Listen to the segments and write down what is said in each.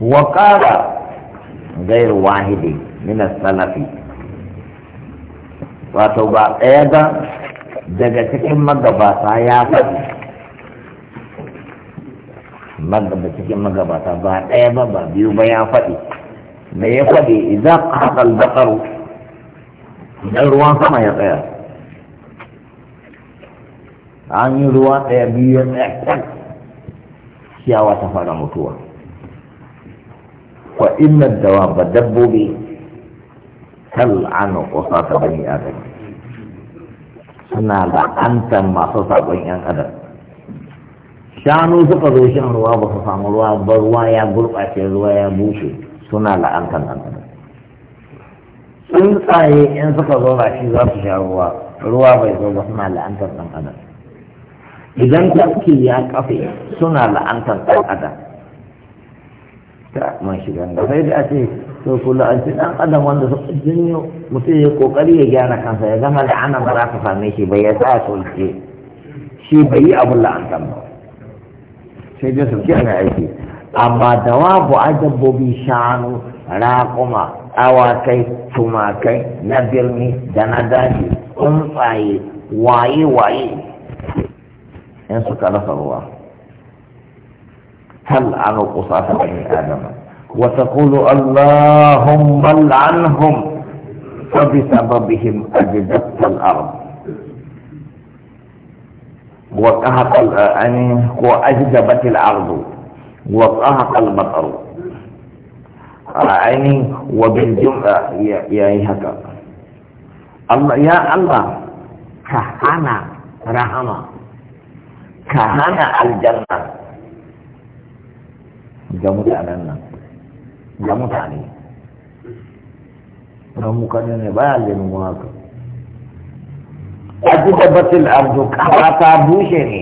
وقال غير واحد من السلفي واتوبا ايضا دقا تكيم مقبا سايا فضي مقبا تكيم مقبا تبا ايضا با بيو بيا فضي ما يفضي اذا قحط البقر دل روان سما يقيا عن روان ايضا بيو يمعتك سياوة فرمتوها وإن الدواب دبوا لي هل عن قصات بني آدم سنالا أنت ما صصا بني آدم شانو سقا ذو شان روابا صصا مروابا روايا قلقا شي روايا بوشي سنالا أنت ما صصا بني آدم إن سقا ذو راشي ذات شان روابا روابا يقول سنالا أنت ما صصا بني آدم إذا تأكل يا كفي سنالا أنت ما صصا بني آدم ta mun shiga da sai da ake to kula an ci dan adam wanda su jinyo mutum ya kokari ya gyara kansa ya zama da ana ba za ka same shi bai ya sa shi bai yi abun kan ba sai dai sulke ana aiki amma dawabu ajabobi shanu raƙuma awakai tumakai na birni da na daji tsuntsaye waye-waye in suka rasa ruwa تلعن قصاص بني آدم وتقول اللهم لعنهم فبسببهم أجدت الأرض وقهق يعني وأجدبت الأرض وقهق المطر عيني وبالجمعة يا هكا الله يا الله كهانا رحمة كهانا الجنة ga mutanen nan ga mutane na mukane ne baya lemin haka ajiyar batil arzu ta bushe ne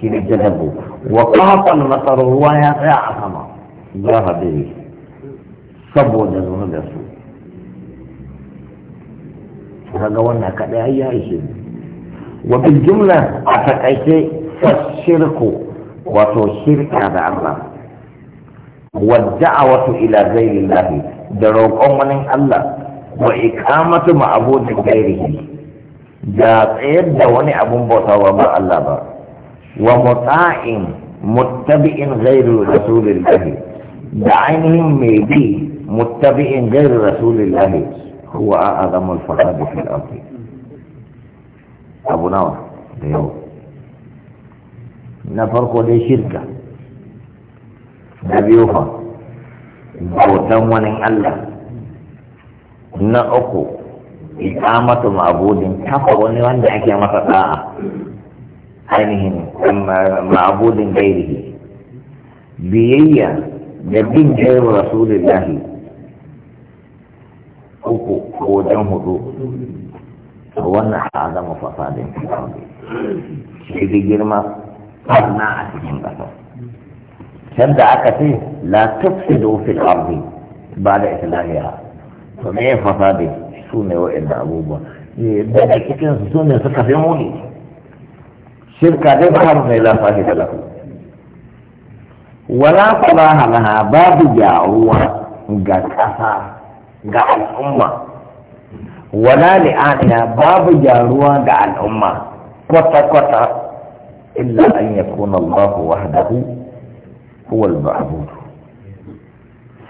shi ne jadabu wa kafan matsar ruwa ya tsaya a sama za a bai saboda zuwa da su kaga wannan kaɗai ai ya ishe wa bil jumla a takaice shirku wato shirka da Allah والدعوة إلى غير الله دروك أمان الله وإقامة معبود غيره جاء غير دواني أبو بوتا وما الله با ومطاع متبع غير رسول الله دعينهم ميدي متبع غير رسول الله هو أعظم الفقاد في الأرض أبو نوح نفرق لشركه da biyu fa bautan wani Allah na uku ikamatu ma'budin kafa wani wanda ake masa da'a ainihin ma'budin gairihi biyayya da bin jairu rasulillahi uku wajen hudu a wannan azama fasadin shi girma na a cikin ƙasar شد عكسي لا تفسدوا في الأرض بعد إسلاحها فمعي فصادي سوني وإلا أبوبا بدا كتن سوني سكة في موني شركة دي بحر لا فاهد لكم ولا صلاح لها باب جاء الله قد أفا قد الأمة ولا لآنها باب جاء الله قد الأمة قطة قطة إلا أن يكون الله وحده huwa al-mahmud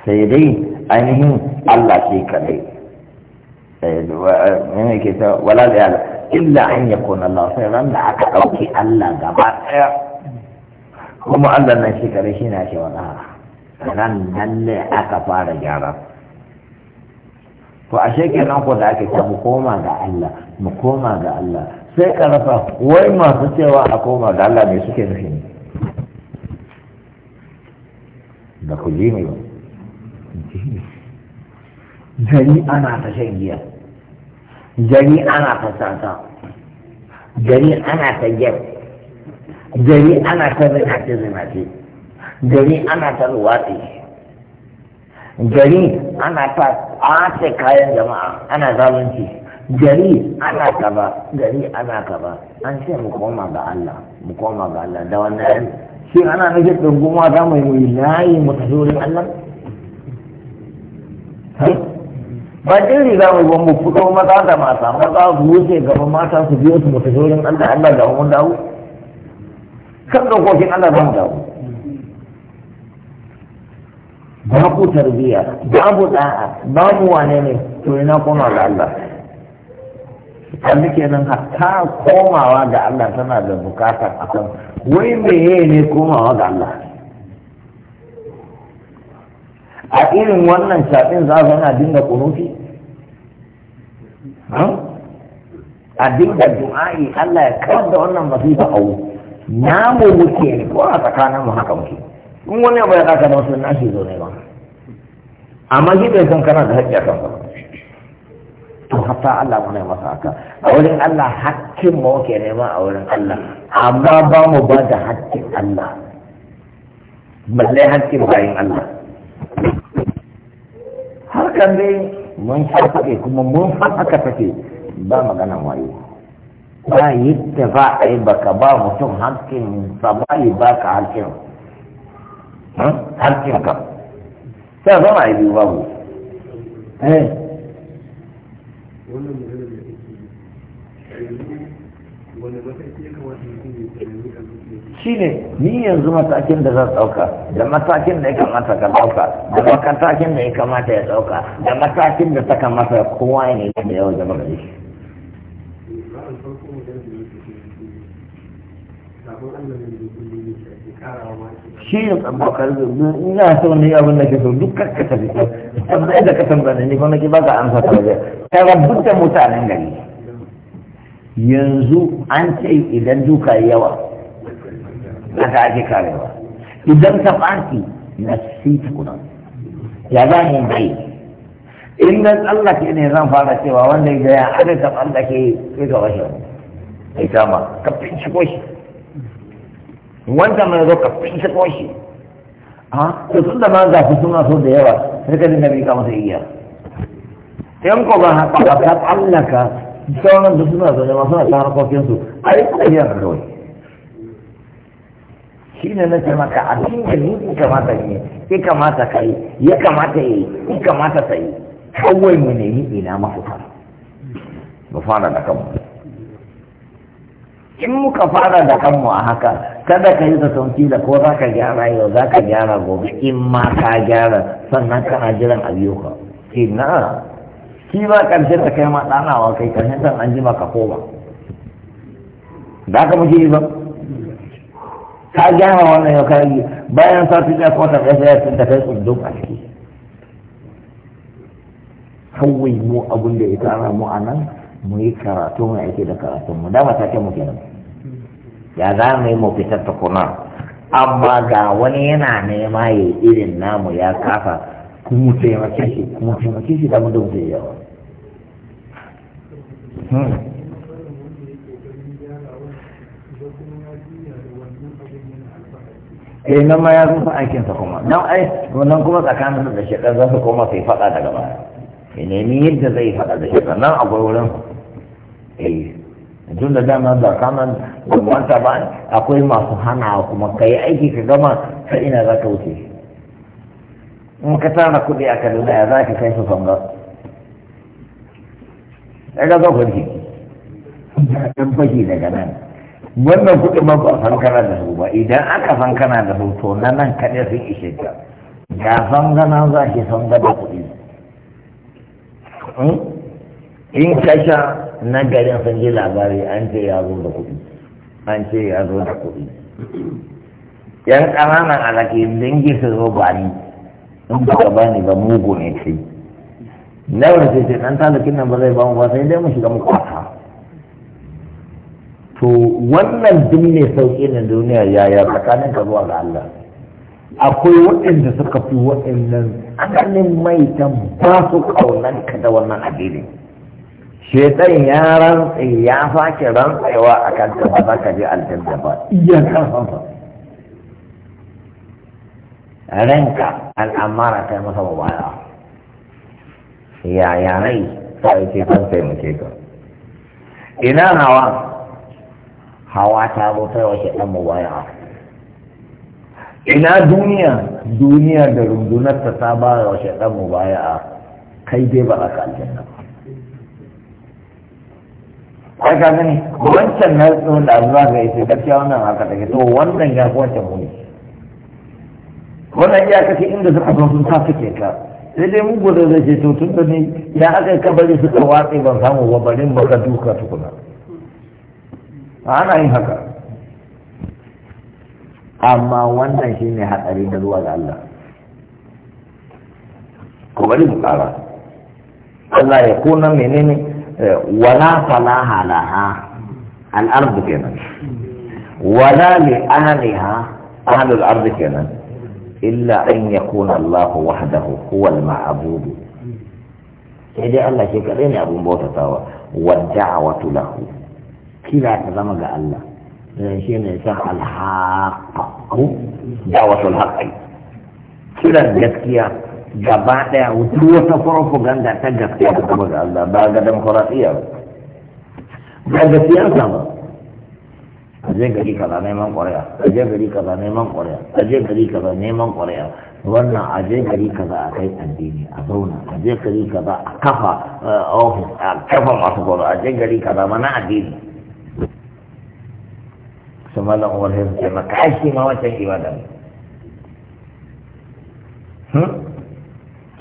sai dai ainihin Allah shi kadai eh, eh, yana wala da illa an ya kona Allah ran da aka ɗauki Allah gaba ɗaya kuma Allah nan shi na shi wani ran nan aka fara gyara to ashe kenan ko da ake ta mu koma ga Allah mu koma ga Allah sai wai masu cewa a koma ga Allah me suke nufi da ku mai ne ba gani ana ta shan giya gani ana ta sata gani ana ta gyar gani ana ta zinace zinace gani ana ta ruwatsi gari ana ta ɓace kayan jama'a ana zalunci gari ana kaza gari ana kaba an ce mu koma ga Allah mu koma ga Allah da wannan shi ana jirgin ɗunguma za mu yi layi mu tafi Allah ba jiri za mu yi ba mu fito maza da mata maza su wuce gaban mata su biyo su mu tafi wurin Allah Allah da mun dawo kan dokokin Allah za mu dawo babu tarbiyya babu da'a babu wane ne to ina koma ga Allah yanzu kenan hatta komawa ga Allah tana da bukatar akan wai meye ne komawa ga Allah a irin wannan shafin za su na dinga kunufi a dinga du'a'i Allah ya kawar da wannan masifa a na mu muke ne ko a tsakanin mu haka muke in wani abu ya kaka da wasu nashi zo ne ba amma shi bai san kana da haƙƙi a kan ba to hatta Allah muna masa haka a wurin Allah hakkin mu ke nema a wurin Allah amma ba mu ba da hakkin Allah balle hakkin bayin Allah harkan dai mun shafe kuma mun haka take ba maganan waye ba yadda ba a yi baka ba mutum hakkin sa ba yi baka hakkin hmm? hakkin ka sai zama a yi babu eh wannan maganar da take wani mataki ya kamata mutum ya tsanani a zuciya shi ne ni yanzu matakin da zan ɗauka da matakin da ya kamata ka ɗauka da matakin da ya kamata ya ɗauka da matakin da ta kamata kowa ya ne da yau zama gare shi shi ne tsammakar zuwa ina so ne abin da ke so duk karkata da amma da ka tambaya ni kuma ki baka amsa ta waje ka rabu da mutanen gari yanzu an ce idan duka yawa haka ake karewa idan ka ɓaci na si kuna ya za mu bai in tsallake ne zan fara cewa wanda ya gaya aka ka tsallake sai ga washe sai kama ka fice koshi wanda mai zo ka fice koshi a ah, to tun da ma ga su suna so da yawa sai ka dinga miƙa masa igiya yan ko ba haka ba ka tsallaka sauran da suna zaune masu na tsara kokinsu a yi tsayiyar da kawai shi ne na taimaka abin da ni kamata ne ya kamata ka yi ya kamata ya yi ya kamata ta yi kawai mu nemi ina mafuta mu fara da kanmu in muka fara da kanmu a haka kada ka yi zaton kila ko za ka gyara yau za ka gyara gobe in ma ka gyara sannan kana jiran a biyu ka ke na shi ba karshe ta kai ma ɗanawa kai karshen san an ji maka ko ba da ka muke yi ba ka gyara wannan yau ka yi bayan sati ɗaya ko ta ɗaya sai ta kai tsundun a ciki kawai mu abin da ya tara mu a nan mu yi karatu mu aiki da karatu mu da matakin mu kenan ya za mu yi mu fitar ta kuma amma ga wani yana nema ya irin namu ya kafa kuma taimake shi kuma taimake shi da mu da mu yawa hmm. eh nan ma ya zo sa aikin sa kuma nan ai nan kuma tsakanin da shekar za su koma sai faɗa daga baya ya nemi yadda zai faɗa da shekar nan a wurin eh tun da dama ba kaman gwamnata ba akwai masu hana kuma ka yi aiki ka gama ka ina za ka wuce in ka tara kuɗi a kaduna ya za ka kai su songa ya ga zafin jiki ɗan fashi daga nan wannan kuɗi ma ba san kana da su ba idan aka san kana da su to na nan kaɗai sun ishe ka ga san gana za ki san gada kuɗi hmm? in kasha na garin sun ji labari an ce ya zo da kuɗi an ce ya zo da kuɗi yan ƙananan alaƙi dangi su zo ba ni in ba ka bani ba mugu ne kai laura ce ce ɗan talakin nan ba zai ba mu ba sai dai mu shiga mu kwata to wannan duk ne sauƙi na duniya ya yaya tsakanin ka zuwa ga Allah akwai waɗanda suka fi waɗannan tsananin maitan ba su ƙaunanka da wannan addinin shaitan ya rantse ya sake rantsewa a kan ba za ka je aljanna ba iya karfansa ranka al'amara ta masa mubaya ya ya rai ta yi ce kan taimake ka ina hawa hawa ta zo ta wace mu baya? ina duniya duniya da rundunarta ta ba wa mu baya? kai dai ba za ka aljanna ba ai ka gani wancan na tsohon da azuwa ga ita gaskiya wannan haka take to wannan ya fi wancan muni wannan ya kace inda suka zo sun sa suke ka sai dai mun gobe zai ce to tun da ni ya aka kabari su suka watsi ban samu ba bari ba ka duka tukuna ana yin haka amma wannan shi ne hatsari da zuwa ga Allah ko bari mu kara Allah ya kuna menene ولا صلاح لها الأرض كده ولا لأهلها أهل الأرض كده إلا أن يكون الله وحده هو المعبود إذا الله شكرين يا أبو موتى والدعوة له كلا تزمج الله شيء يسمى الحق دعوة الحق كلا الجسكية gaba daya duk wata propaganda ta gaskiya ta kuma ga Allah ba ga demokradiyya ba ga siyasa ba a je gari kaza neman ƙwarya a je gari kaza neman ƙwarya a je gari kaza neman ƙwarya wannan a je gari kaza a kai addini a zauna a je gari kaza a kafa eh, ofis a kafa masu gwaro a je gari kaza mana addini su malam umar sai su ce maka aiki ma wancan ibada ne hmm?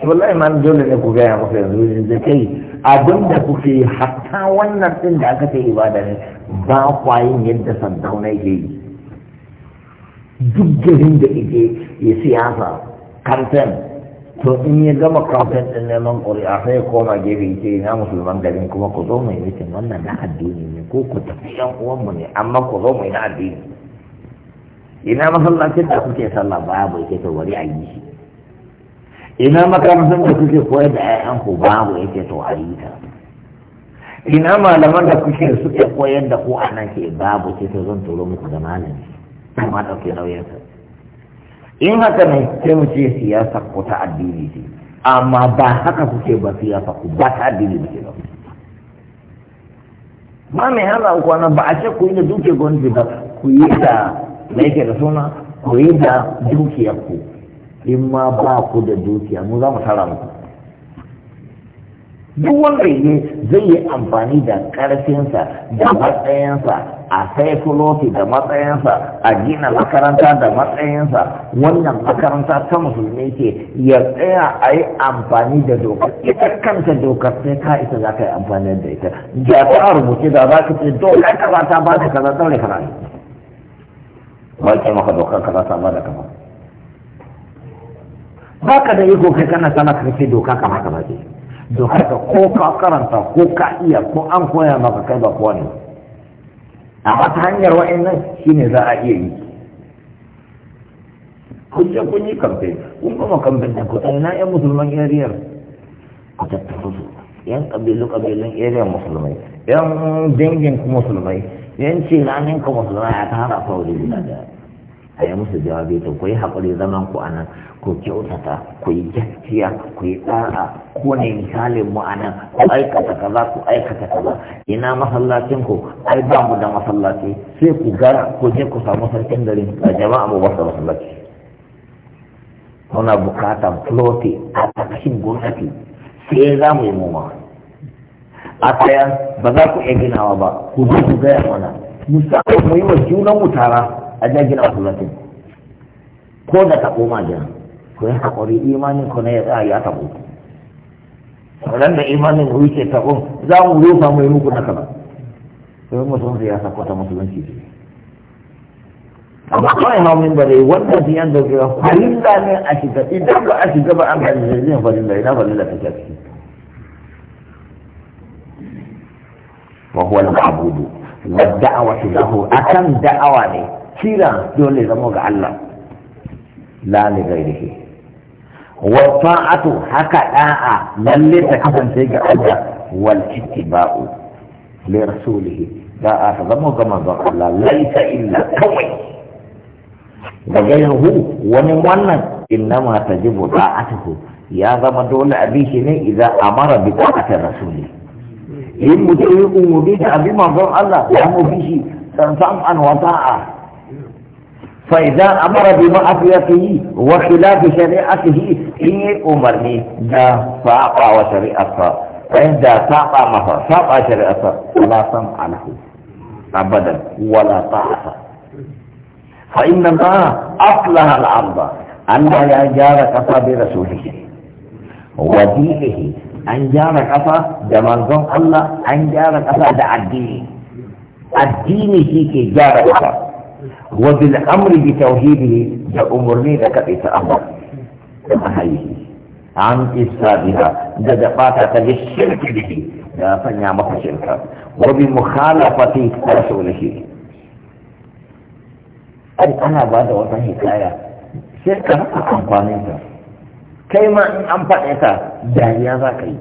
wallahi ma dole ne ku gaya maka yanzu da kai abin da kuke hatta wannan din da aka ce ibada ne ba kwa yin yadda sandauna yake yi duk garin da ike ya siyasa kamfen to in ya gama kamfen din neman ƙuri'a sai koma gefe ce na musulman garin kuma ku zo mai mutum wannan na addini ne ko ku tafi yan uwanmu ne amma ku zo mai na addini ina masallacin da kuke sallah ba bai ke ta wari a yi shi ina makarantar da kuke koyar da 'ya'yanku babu yake to a yi ta ina malaman da kuke suke koyar da ku a nan ke babu ce to zan turo muku da malami amma ɗauke nauyinsa in haka ne sai mu ce siyasa ko ta addini ce amma ba haka kuke ba siyasa ku ba ta addini ba ba ma mai hana ku ba a ce ku yi da duke gwamnati ba ku yi da mai yake da suna ku yi da dukiyar ku in ma ba ku da dukiya mu za mu tara muku duk wanda yi zai yi amfani da ƙarfinsa da matsayinsa a sai fuloti da matsayinsa a gina makaranta da matsayinsa wannan makaranta ta musulmi ce ya tsaya a yi amfani da dokar ita kanta dokar sai ka isa za ka yi amfani da ita da ta rubuce da za ka ce dokar kaza ta ba da kaza tsare kaza ne ba ke maka dokar kaza ta ba da kaza ba ka da iko kai kana sama ka ce doka kama ka baje doka ka ko ka karanta ko ka iya ko an koya maka kai ba kowa ne amma ta hanyar wa'annan shine za a iya yi kunje je kun yi kamfe kun kuma kamfe ne ku na yan musulman ariyar ku tattaru su yan kabilu kabilun ariyar musulmai yan dangin musulmai yan ce ranin ku musulmai a tara fauri guda da a yi musu jawabi to ku yi haƙuri zaman ku anan ku kyautata ku yi gaskiya ku yi tsara ku ne misalin mu anan ku aikata kaza ku aikata kaza ina masallacin ku ai ba mu da masallaci sai ku gara ku je ku samu sarkin garin a jama'a mu basa masallaci muna bukatan floti a ƙarƙashin gwamnati sai za mu yi muma a tsaya ba za ku iya ginawa ba ku zo ku gaya mana musamman mu yi wa junan mu tara a jagin automatic ko da ta koma jiran ko ya haƙuri imanin ku na ya tsaya ya tabo sauran da imanin ku yake taɓon za mu rufa mai muku na kaba sai mutum ya sako ta musulunci amma kawai ma min bare wannan sun yanda ke farilla ne a shiga idan ba a shiga ba an ga ne zai farilla ina farilla take ciki wa huwa al-ma'budu wa da'awatu lahu akan da'awa ne kira dole zama ga Allah la li ghairihi wa ta'atu haka da'a lalle ta kasance ga Allah wal ittiba'u li rasulih da'a ta zama ga manzon Allah laita illa kawai Daga yahu wani wannan innama tajibu da'atuhu ya zama dole a bishi ne idan amara bi ta'atir rasuli in mutum ya umuri da abin manzon Allah ya mu bishi san san an wata'a فإذا أمر بمعصيته وخلاف شريعته إن أمرني دا ساقى وشريعته فإن دا ساقى مفر ساقى شريعته فلا سمع له أبدا ولا طاعة فإن الله أصلح الأرض أن لا يجار كفى برسوله ودينه أن جار كفى بمنظوم الله أن جار كفى دا الدين الدين هيك جار كفى وبالأمر بتوحيده أمرني لك تأمر نهيه عن اسبابها إفسادها جدقاتك للشرك به لا ما شركا وبمخالفة رسوله أي أنا بعد وطن حكاية شركة أمفانيتا كيما أمفانيتا دانيا ذاكي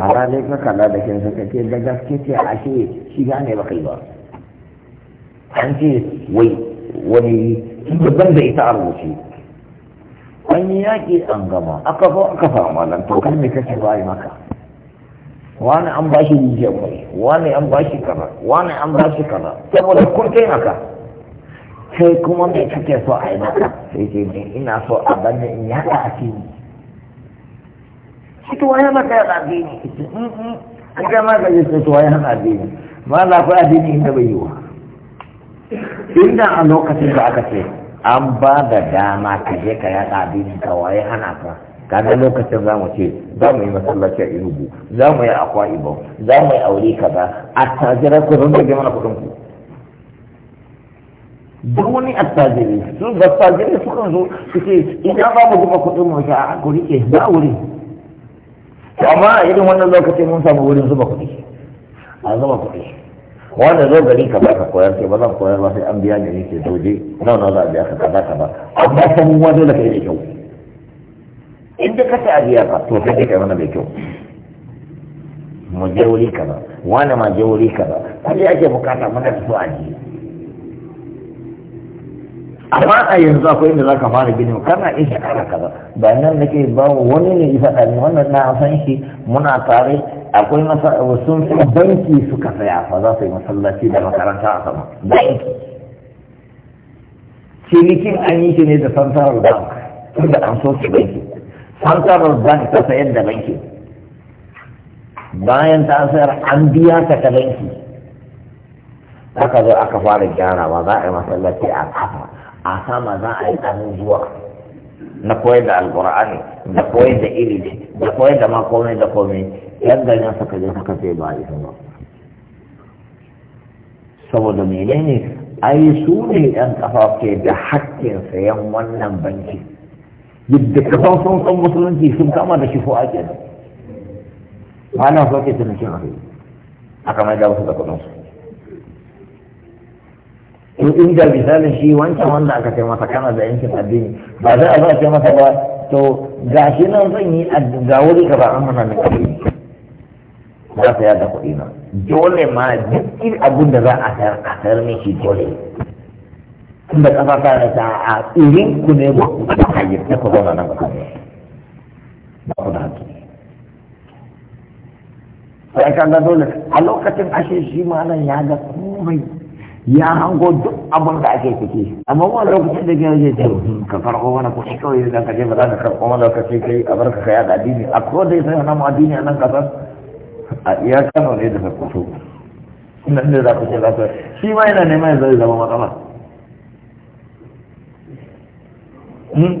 هذا ليك كلا لكن سكتي لجاك كتي عشي شي يعني بقيبا an ce wai wani ban da ita a rubuce an yi yaƙi an gama aka zo aka samu malam to kan me kake bayi maka wani an ba shi rijiyar mai wani an ba shi kaza wani an ba shi kaza saboda kun taimaka sai kuma me kake so a yi maka sai ce ne ina so a bani in yaɗa a fili shi tuwa ya maka ya yaɗa addini an mm, mm, kai maka yi sai tuwa ya hana addini ma lafi a addini inda bai yi wa inda a lokacin da aka ce an ba da dama ka je ka yaɗa addinin ka waye hana ka kaga lokacin za mu ce za mu yi masallaci a inugu za mu yi akwa ibo za mu yi aure kaza tajira ku zan rage mana kuɗin ku duk wani a tajiri. su tajiri su sukan zo su ce idan ba mu zuba kuɗin mu sha a ku rike ba wuri amma a irin wannan lokacin mun samu wurin zuba kuɗi a zuba kuɗi wannan zo gari ka baka koyar sai ba zan koyar ba sai an biya ne ke doje na na za a biya ka baka ba amma kan mu wani da kai da kyau in da ka ta biya ka to sai kai wani da kyau mu je wuri kaza wani ma je wuri kaza kuɗi ake bukata mana da su a ji amma a yanzu akwai inda za ka fara ginin kana in shekara kaza ba nan nake ba wani ne isa ɗani wannan na san shi muna tare akwai sun fi banki suka saya fa za su yi masallaci da makaranta a sama banki cinikin an yi shi ne da central bank tun da an soke banki central bank ta sayar da banki bayan ta sayar an biya ta ta banki aka zo aka fara gyara ba za a yi masallaci a kafa a sama za a yi zuwa. na koyar da alkur'ani da koyar da ilimi da koyar da makomai da komai yan ganin suka je suka sai ba ba saboda menene ai su ne yan kafa ke da hakkin sayan wannan banki yadda kasan sun san musulunci sun kama da shifo ake nan ba na so ke tunakin a kai aka mai da wasu da kudinsu in inda misalin shi wancan wanda aka ce masa kana da yankin addini ba za a zo a masa ba to ga shi nan zan yi ga wuri ka ba an hana ni kuɗi za ka yada kuɗi na dole ma duk abin da za a sayar a sayar ne shi dole tunda kafa ta da ta a irin ku ne ba ku da hayyar ta ku zauna nan ba ku ba ku da haƙƙi sai ka ga dole a lokacin ashe shi malam ya ga komai ya hango duk abin da ake ciki amma wani lokacin da gina ce hmm, ka farko wani kuɗi kawai da ka ce ba za ka karko wani lokaci kai a bar ka da addini a kowa da ya sai wani addini a nan kasa a iya kano ne da ka nan ne za ka ce za shi ma yana neman ya zai zama matsala hmm?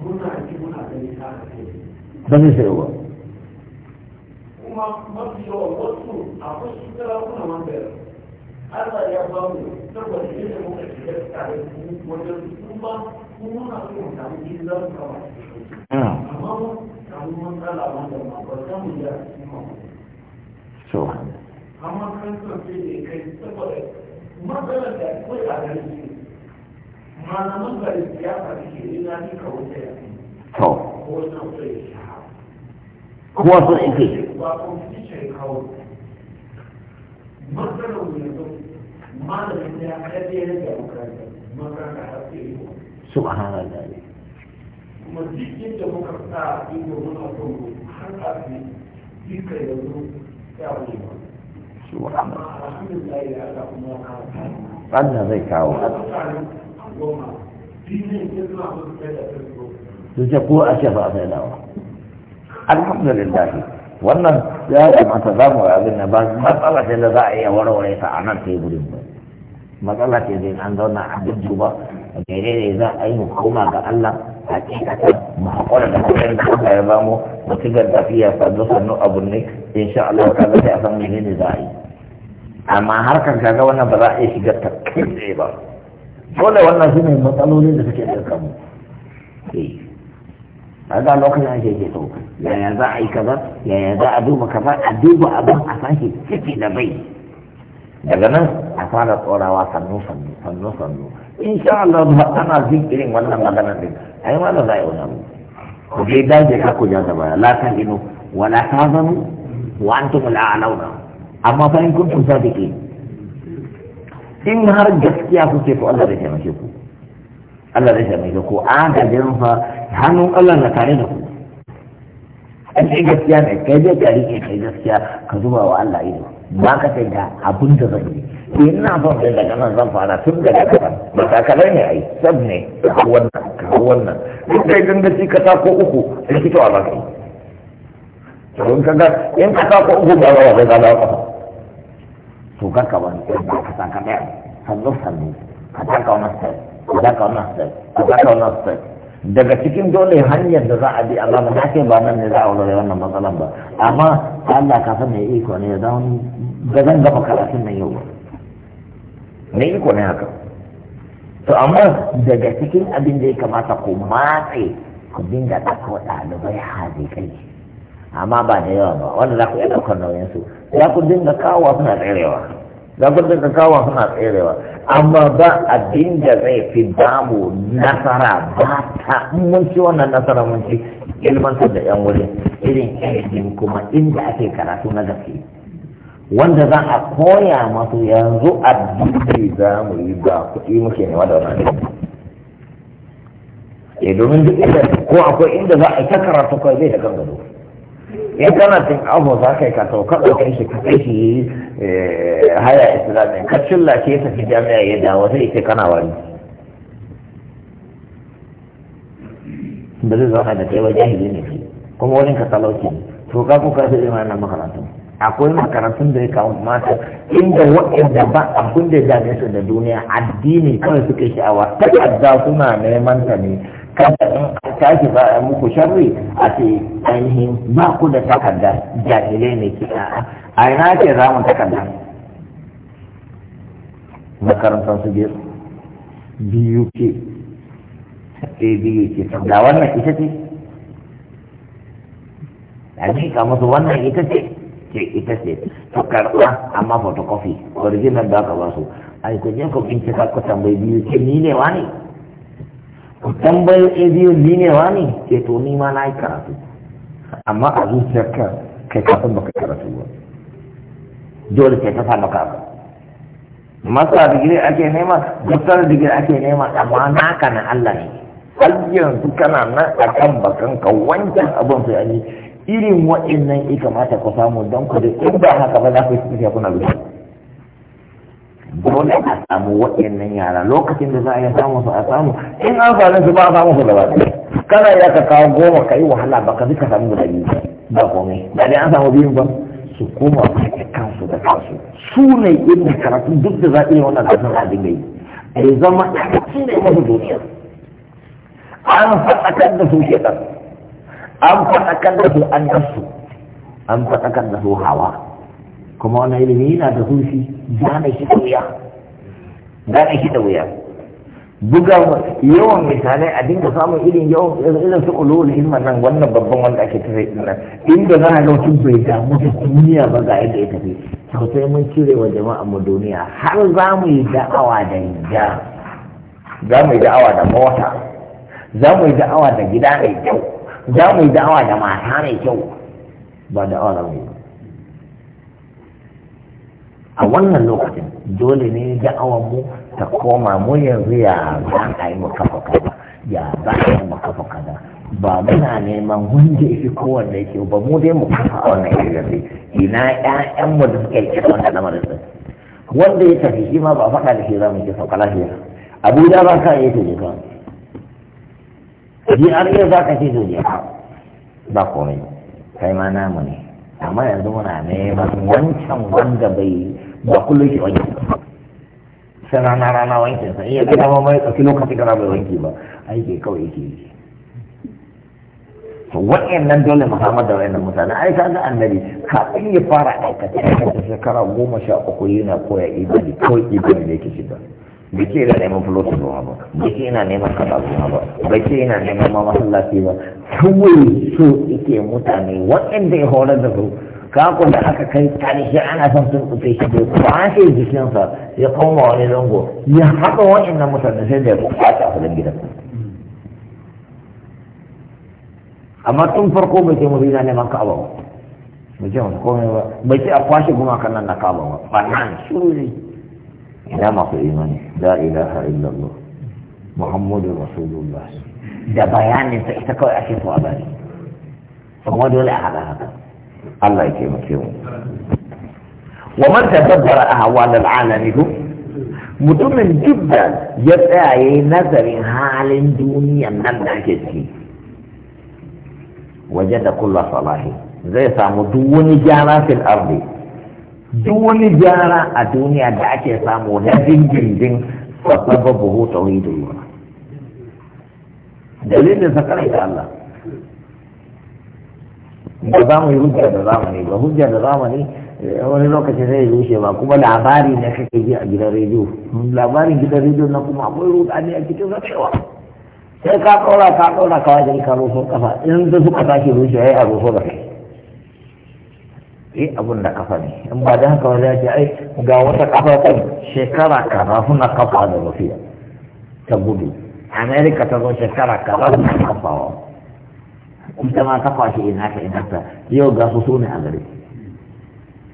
ba zai sayo ba kuma mafi yawan wasu akwai su sarakuna man bayar Allah ya ba mu saboda yadda muka shiga tare wajen kuma kuma na so mu samu jin kama ah. amma mu samu matsala da ma ba za mu yi amma kan son sai da kai saboda matsalar da akwai a garin malaman ba ke ina ni ya to ko na wuce ya sha ko wasu ike ya kaɗe da makaranta har kuma duk yadda muka sa ido muna son har a fi duka yanzu ya wuce ba kuma ka Allah zai kawo su ce ko a ce ba mai lawa alhamdulillah wannan ya kamata za mu abin na ba matsala ce da za a iya warware ta a nan teburin ba matsala ce da an zauna a duk duba menene za a yi mu koma ga Allah hakikatan mu haƙura da kuɗin da Allah ya bamu mu ci tafiya sannu sannu abu ne insha Allah ta zai a san menene za a yi amma harkar kaga wannan ba za a iya shigar ta kai ba dole wannan shi ne matsalolin da suke ɗauka mu eh. a ga lokacin ake ke to yaya za a yi kaza yaya za a duba kaza a duba abin a sake ciki da bai daga nan a fara tsorawa sannu sannu sannu sannu in sha Allah ba ana jin irin wannan maganar din ai ma da za a yi wani abu ku dai dace ka ku ja da baya la ta ino wala ta zanu wa antum al'auna amma fa in kuntum sadiqin in har gaskiya kuke ko Allah zai taimake ku Allah zai taimake ku agajin fa hannun Allah na tare da ku a ce gaskiya ne kai dai ka rike kai gaskiya ka zuba wa Allah ido ba ka sai da abin da zan yi eh, ina son sai daga nan zan fara tun daga kafa ba ka kala ne ai sab ne ka wannan ka wannan in kai gangaci ka ta ko uku likita wa ba ka to in ka in ka ta ko uku ba ba ba ba ba to kar ka wani ɗan ba ka saka ɗaya sannu sannu ka taka wani step ka taka wani step ka taka wani daga cikin dole hanyar da za a bi Allah ba ke ba nan ne za a wurare wannan matsalan ba amma Allah ka san mai iko ne da zan gaba karatun nan yau ba iko ne haka to amma daga cikin abin da ya kamata ku matse ku dinga ɗauko ɗalibai kai. amma ba da yawa ba wanda za ku iya ɗaukar su za ku dinga kawowa suna tserewa za ku dinga kawowa suna tserewa amma ba abin da zai fi damu nasara ba ta mun ci wannan nasara mun ci su da yan wurin irin ilimin kuma inda ake karatu na gaske wanda za a koya masu yanzu addini za mu yi ba kuɗi muke ne da wannan eh domin duk inda ko akwai inda za a yi ta karatu kawai zai da kan gado in kana cin abu za ka yi ka sauka ɗaukar shi ka kai shi eh, haya islamin ka cilla ke tafi jami'a ya dawo sai ce kana wani ba zai zauna da kai ba jahili ne shi kuma wani ka talauci ne to ka kuka sai zai nan makarantun akwai makarantun da ya kawo mata inda waɗanda ba abin da ya dame su da duniya addini kawai suke sha'awa ƙadda suna neman ta ne tashi ba a muku sharri a ce ainihin ba ku da takarda jahilai ne ke a a ina ce za mu takarda makarantar su biyu biyu ke a biyu ke da wannan ita ce a jika musu wannan ita ce Ke ita ce to karɓa amma photocopy original da aka ba su ai ku je ku bincika ku tambayi biyu ke ni ne wani? tambayo a biyu linewa ne ke eh, to ni ma na yi karatu amma a ka kai kafin baka karatu ba dole sai ta samu kafa masa digiri ake nema doktor digiri ake nema amma naka na Allah ne har yanzu kana nan a kan bakan ka wancan abin sai an yi irin wa'annan ya kamata ku samu don ku da in ba haka ba za ku yi tafiya kuna gudu dole a samu waɗannan yara lokacin da za a yi samu su a samu in an sami su ba a samu su gaba kana ya ka kawo goma ka yi wahala ba ka zika samu guda biyu ba komai ba dai an samu biyun ba su koma sake kansu da kansu su ne irin karatu duk da za a iya wannan gasar a dinga yi a yi zama su ne masu duniya an faɗakar da su shekar an faɗakar da su an yasu an faɗakar da su hawa kuma wani ilimi yana da hushi gane shi da wuya gane shi da wuya buga yawan misalai a dinga samun irin irin su ulul ilma nan wannan babban wanda ake tafi din nan inda za a ga mutum bai damu da duniya ba ga yadda ya tafi sosai mun cire wa jama'a mu duniya har za mu yi da'awa da ja za mu yi da'awa da mota za mu yi da'awa da gida mai kyau za mu yi da'awa da mata mai kyau ba da'awa da mai a wannan lokacin dole ne da'awar mu ta koma mu yanzu ya za a yi mu kafa kaza ya za a yi mu kafa kaza ba muna neman wanda ya fi kowanne yake ba mu dai mu kafa a wannan yanzu ina ƴaƴan mu da suka yi wannan lamarin sai wanda ya tafi shi ma ba faɗa da shi za mu ce sauka lafiya abuja ba ka iya tuje ka GRA za ka ce tuje ka ba komai kai ma namu ne amma yanzu muna neman wancan wanda bai ba kullum ki wanki sai rana rana wankin sa iya gida ma mai tsaki lokaci kana bai wanki ba aiki kawai yake yi wa'annan dole muhammad da wa'annan mutane ai ka ga annabi kafin ya fara aikata aikata shekara goma sha uku yana koya ibadi kawai ibadi ne yake shiga bai ce yana neman fulotu ruwa ba bai ce yana neman kaza ruwa ba bai ce yana neman ma masallaci ba kawai so yake mutane waɗanda ya horar da su kako da aka kai tarihi ana son sun kufe shi bai kwashe jikinsa ya koma wani zango ya haɗa wa'annan mutane sai da ya kwashe a filin gidan amma tun farko bai ce mu zina neman ka'aba ba bai ce masu komai ba bai ce a kwashe gumakan nan na ka'aba ba ba nan shuru ne ina masu imani la ilaha illallah muhammadu rasulullah da bayanin ta ita kawai ake so a bari kuma dole a haɗa haka Allah ya taimake mu wa man tadabbara ahwal al-alami mutumin duk da ya tsaye nazarin halin duniya nan da ake ciki waje da kula salahi zai samu duk wani gyara fil ardi duk wani gyara a duniya da ake samu na dindindin sababu tauhidullah dalilin sa da Allah da za mu yi hujja da zamani ba hujja da zamani eh, wani lokaci zai rushe ba kuma labari ne kake ji a gidan rediyo labarin gidan rediyo na kuma akwai rudani a cikin zafewa sai ka ɗora ka ɗora ka wajen ka rufe kafa in da suka tashi rushe ya yi a rufe da kai eh abun da kafa ne in ba da haka wani ya ce ai ga wata kafa kan shekara kaza suna kafa da rufiya ta gudu amerika ta zo shekara kaza suna kafawa ita ma ta kwashe ina haka in haka yau ga su sune a gare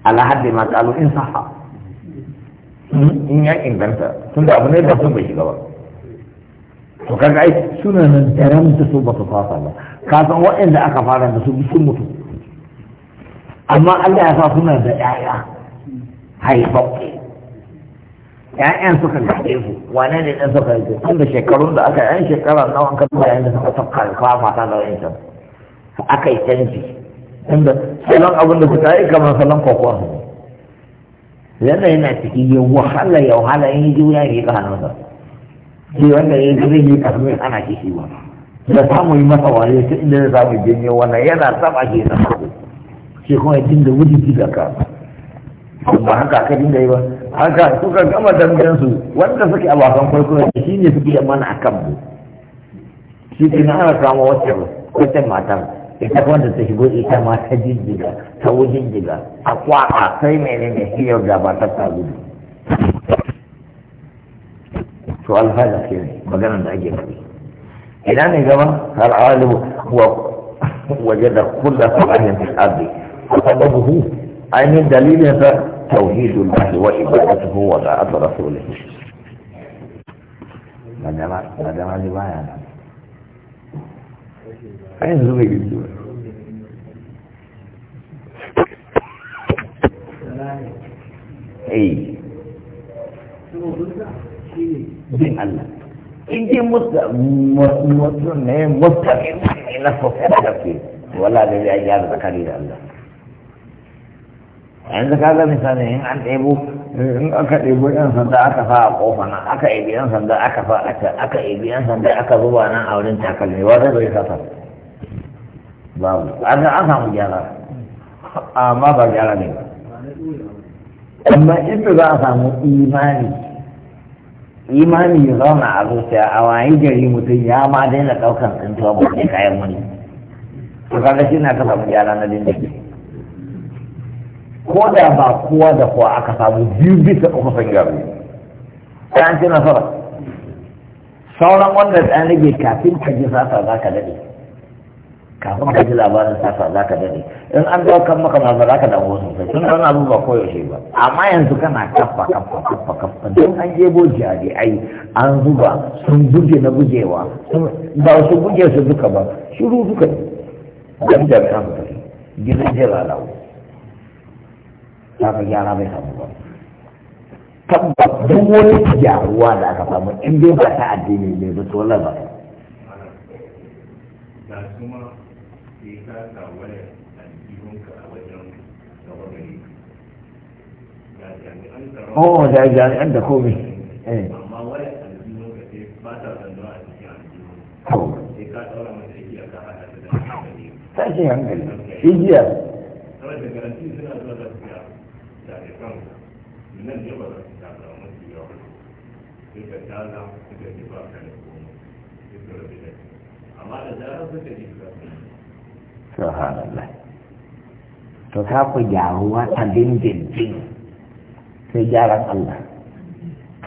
alhaddi ma kalu in saha in ya inganta tun da abu ne da sun bai shiga ba to kaga ai suna nan daram da su ba su fasa ba ka san waɗanda aka fara da su sun mutu amma Allah ya sa suna da ƴaƴa haifaffe ƴaƴan suka gaje su wane ne ɗan suka gaje tun da shekarun da aka yi shekarun nawa kan bayan da suka tafka kafa ta da wa'ancan aka yi canji inda sanan abin da suka yi kamar sanan kokowa yana yana ciki ya wahala ya wahala in yi juya ya miƙa hannunsa shi wanda ya zai yi karfi ana kishi ba da samu yi masa wale ta inda zai samu janyo wannan yana saba ke na farko shi kuma ya dinga wuce ji da ka ba haka aka dinga yi ba haka suka gama dangansu wanda suke a wasan kwaikwayo shi ne suke mana a kan mu shi ke na ana samu wacce wacce matan ita wanda ta shigo ita ma ta jijjiga ta wujijjiga a kwaka sai ne hiyar da ba ta tagu to alhaja ke ne maganar da ake faɗi ina ne gaba al'alu wa waje da kulla salahin fil ardi buhu ainihin dalilin sa tauhidul lahi wa ibadatuhu wa da'at rasulih madama madama libaya na a yanzu bai gani ba eh. bin Allah in ji mutum ne mutane ne na fofera da ke wala da zai gyara tsakani da Allah yanzu ka ga misali in an ɗebo in aka ɗebo yan sanda aka fa a kofa nan aka ɗebi yan sanda aka fa a can aka ɗebi yan sanda aka zuba nan a wurin takalmi wata bai sata babu an samu gyara amma ba gyara ne ba amma inda za a samu imani imani ya zauna a zuciya a wani gari mutum ya ma daina ɗaukan tsintuwa ba ne kayan wani to kaga shi na ka samu gyara na dindindin ko da ba kowa da kowa aka samu biyu bisa uku san gari ta an ci nasara sauran wanda ɗan kafin ka ji sata za ka daɗe kafin ka ji labarin sata za ka dade in an kan maka ma za ka damu sosai tun kan abu ba koyaushe ba amma yanzu kana kafa kafa kafa kafa don an je boji a je ai an zuba sun buge na bugewa ba su buge su duka ba shiru duka don da ka fita gidan jira lawo ta ka gyara bai samu ba tabbas don wani gyaruwa da aka samu in bai ba ta addini ne ba to lalla ba ka samu wani aljihunka a wajen gaba gari ga jami'an tsaro oh da jami'an da komai amma wani aljihunka sai ba ta sanduwa a cikin aljihun sai ka tsara mata igiya ka hada ta da hankali tashin hankali igiya kawai da garanti suna zuwa da fiya da ke kan nan ne ba za su ta zama mafi yawa sai ka tala suka ji ba ka da komai sai ka rabu da amma da zarar suka ji ka subhanallah to ta ku gyaruwa ta dindindin sai gyaran Allah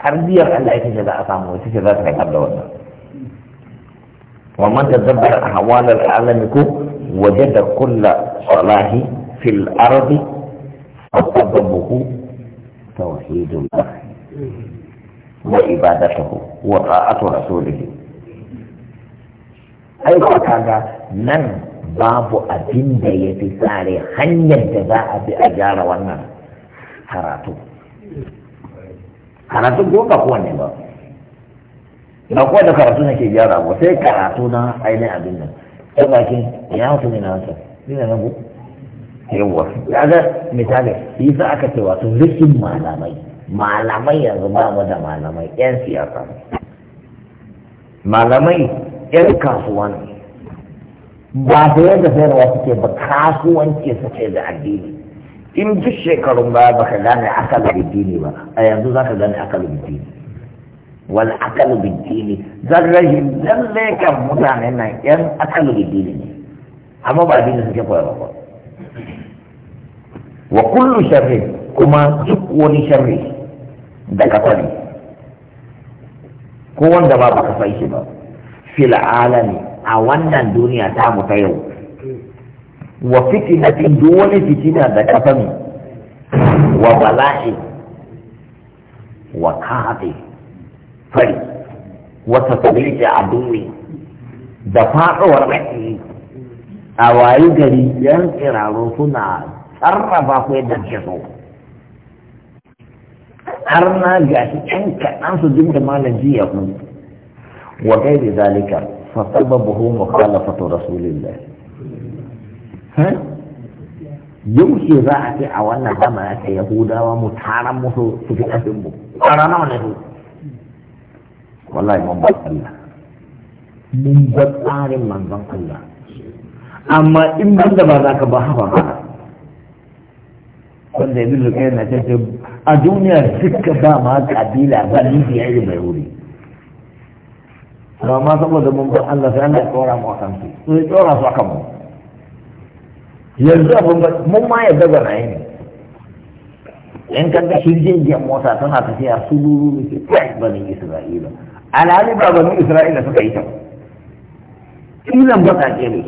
tarbiyar Allah ita ce za a samu wata ce za ta haifar da wannan ومن تدبر أحوال العالم وجد كل صلاح في الأرض فسببه توحيد الله وعبادته وطاعة رسوله أيوة كذا من babu abin da ya fi tsare hanyar da za a bi a gyara wannan karatu karatu ko ba kowane ba ba kowa da karatu na ke gyara ba sai karatu na ainihin abin nan ta bakin ya hau ne na wancan ni na nagu yawwa ga misali yi sa aka ce wato rikin malamai malamai yanzu ba mu da malamai yan siyasa malamai yan kasuwa ne ba da yadda sayarwa suke ba kasuwanci suke da addini in duk shekarun baya baka gane akalu bidini ba a yanzu za ka gane akalu bidini wani akalu bidini zan rashi zan kan mutane nan yan akalu bidini ne amma ba addini suke koya ba wa kullu sharri kuma duk wani sharri da kafari ko wanda ba baka fai shi ba fil alami a wannan duniya ta mu ta yau wa fitinatin duk wani fitina da kafa mu wa bala'i wa kafi fari wa a duniya da faɗuwar rakiyi a wayi gari yan tsirarun suna sarrafa ku yadda ke so har na gashi yan kaɗan su dinga malam jiya ku wa gairi zalika فسببه مخالفة رسول الله ها يمشي ذاتي أو أن دمع يهودا ومتحرم مسو سكي أسمه أرانا ونهو والله من بس الله من بس من بس الله أما إن بس بذاك بحفا wanda كنت يقول لك انا تجب ce a duniya duka ba ma kabila ba ni amma saboda mun bar Allah sai Allah ya tsora mu akan su su ya tsora su akan mu yanzu abin mun ma yadda ga rayu ne in ka ga shirjejiyar mota tana tafiya su duru ne kai banin Isra'ila alhali ba banin Isra'ila suka yi ta kilan baƙaƙe ne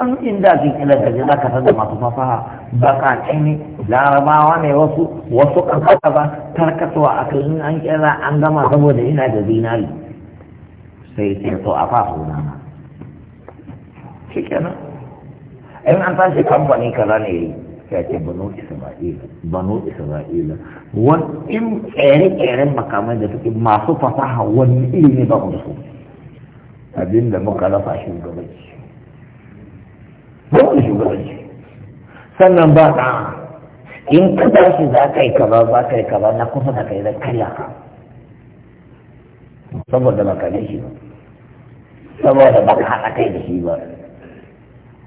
san inda ake kila ka ji zaka san da masu fasaha baƙaƙe ne larabawa ne wasu wasu kan ba tarkatuwa a an kira an gama saboda ina da zinari sai ce to a na ma shi kenan in an tashi kamfani kaza ne ya ce banu isra'ila banu isra'ila wani in tsere-tseren makamai da suke masu fasaha wani ilimi ba ku da su abinda muka rasa shugabanci ba wani shugabanci sannan ba ɗa in ka tashi za ka yi kaza za ka yi kaza na kusa da kai zai karya ka saboda makamai shi ba saboda ba ka haɗa kai da shi ba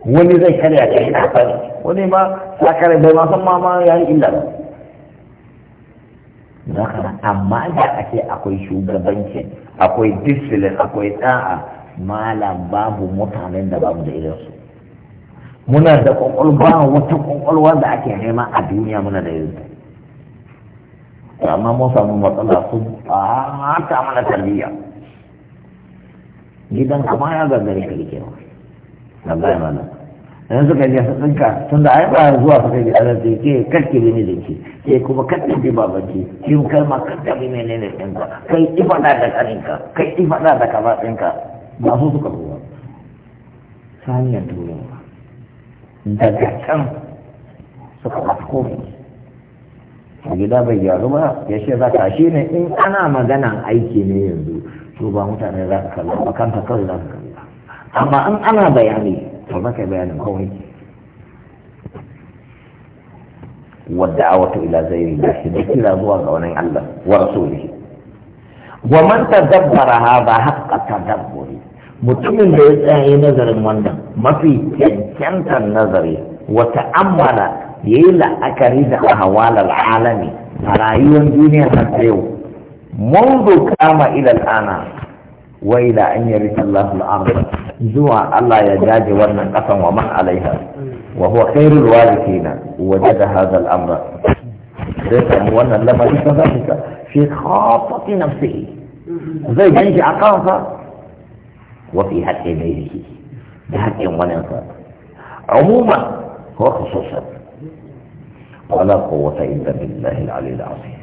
wani zai karya kai na fari wani ma ta kare bai ma san ma ma ya yi illa ba zaka amma da ake akwai shugabanci akwai discipline akwai da'a malam babu mutanen da babu da irinsu muna da ba wata kwakwalwa da ake nema a duniya muna da irinsu amma mun samu matsala su a ta mana tarbiyya gidan kuma ya gagare ka rike wa wallahi malam yanzu suka je su tsinka tun da ai ba zuwa suka je Allah sai ke karki bi da ke sai kuma karki bi babanki shi kai ma karka bi ne din ka kai ki fada da karinka kai ki fada da kaza din ka ba su suka zuwa saniyar turewa daga can suka masu komai a gida bai gyaru ba ya ce za ka shi ne in ana maganan aiki ne yanzu su ba mutane za ka kalla ba kanta kawai za ka kalla amma an ana bayani to za ka yi bayanin kawai wadda a wata ila zairi da shi da kira zuwa ga wani Allah wa rasulihi wa man tadabbara hadha haqqa tadabburi mutumin da ya tsaya nazarin wannan mafi cancantar nazari wa ta'ammala yayi la'akari da ahwal al'alami a rayuwar duniya har yau منذ قام إلى الآن وإلى أن يرث الله الأرض زوا الله جاج ورنا قسم ومن عليها وهو خير الوارثين وجد هذا الأمر ليس مولى لما ذلك في خاصة نفسه زي جنج عقافة وفي حق ميله بحق وننفى عموما وخصوصا ولا قوة إلا بالله العلي العظيم